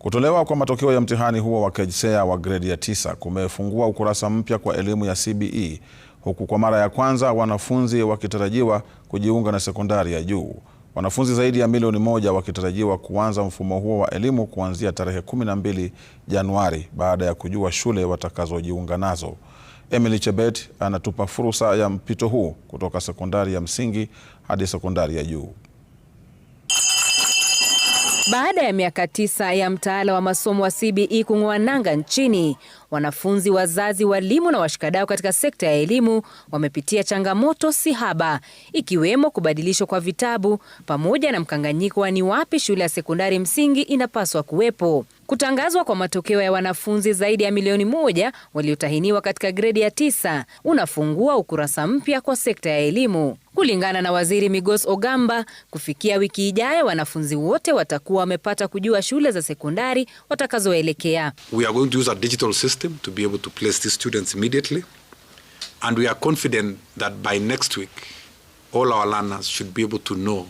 Kutolewa kwa matokeo ya mtihani huo wa KJSEA wa gredi ya tisa kumefungua ukurasa mpya kwa elimu ya CBE huku kwa mara ya kwanza wanafunzi wakitarajiwa kujiunga na sekondari ya juu. Wanafunzi zaidi ya milioni moja wakitarajiwa kuanza mfumo huo wa elimu kuanzia tarehe 12 Januari baada ya kujua shule watakazojiunga nazo. Emily Chebet anatupa fursa ya mpito huu kutoka sekondari ya msingi hadi sekondari ya juu. Baada ya miaka tisa ya mtaala wa masomo wa CBE kung'oa nanga nchini, wanafunzi, wazazi, walimu na washikadau katika sekta ya elimu wamepitia changamoto si haba, ikiwemo kubadilishwa kwa vitabu pamoja na mkanganyiko wa ni wapi shule ya sekondari msingi inapaswa kuwepo. Kutangazwa kwa matokeo ya wanafunzi zaidi ya milioni moja waliotahiniwa katika gredi ya tisa unafungua ukurasa mpya kwa sekta ya elimu. Kulingana na Waziri Migos Ogamba, kufikia wiki ijayo wanafunzi wote watakuwa wamepata kujua shule za sekondari watakazoelekea. We are going to use a digital system to be able to place these students immediately and we are confident that by next week all our learners should be able to know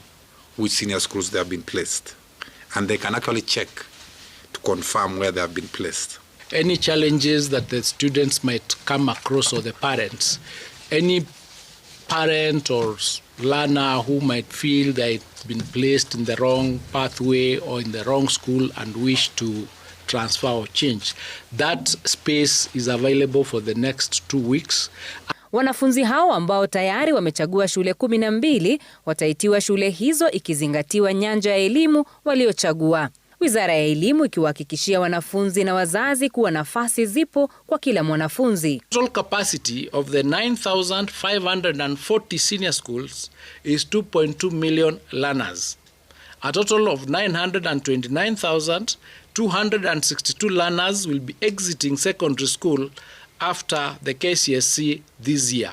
which senior schools they have been placed and they can actually check to confirm where they have been placed. Any challenges that the students might come across or the parents, any parent or learner who might feel they've been placed in the wrong pathway or in the wrong school and wish to transfer or change, that space is available for the next two weeks. Wanafunzi hao ambao tayari wamechagua shule kumi na mbili wataitiwa shule hizo ikizingatiwa nyanja ya elimu waliochagua. Wizara ya Elimu ikiwahakikishia wanafunzi na wazazi kuwa nafasi zipo kwa kila mwanafunzi. Total capacity of the 9540 senior schools is 2.2 million learners. A total of 929,262 learners will be exiting secondary school after the KCSE this year.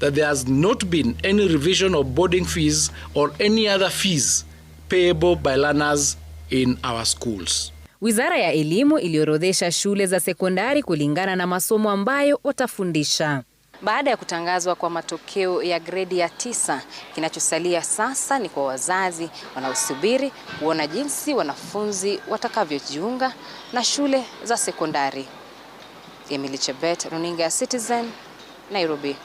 that there has not been any revision of boarding fees or any other fees payable by learners in our schools. Wizara ya Elimu iliorodhesha shule za sekondari kulingana na masomo ambayo watafundisha. Baada ya kutangazwa kwa matokeo ya gredi ya tisa, kinachosalia sasa ni kwa wazazi wanaosubiri kuona jinsi wanafunzi watakavyojiunga na shule za sekondari. Emily Chebet, Runinga ya Citizen, Nairobi.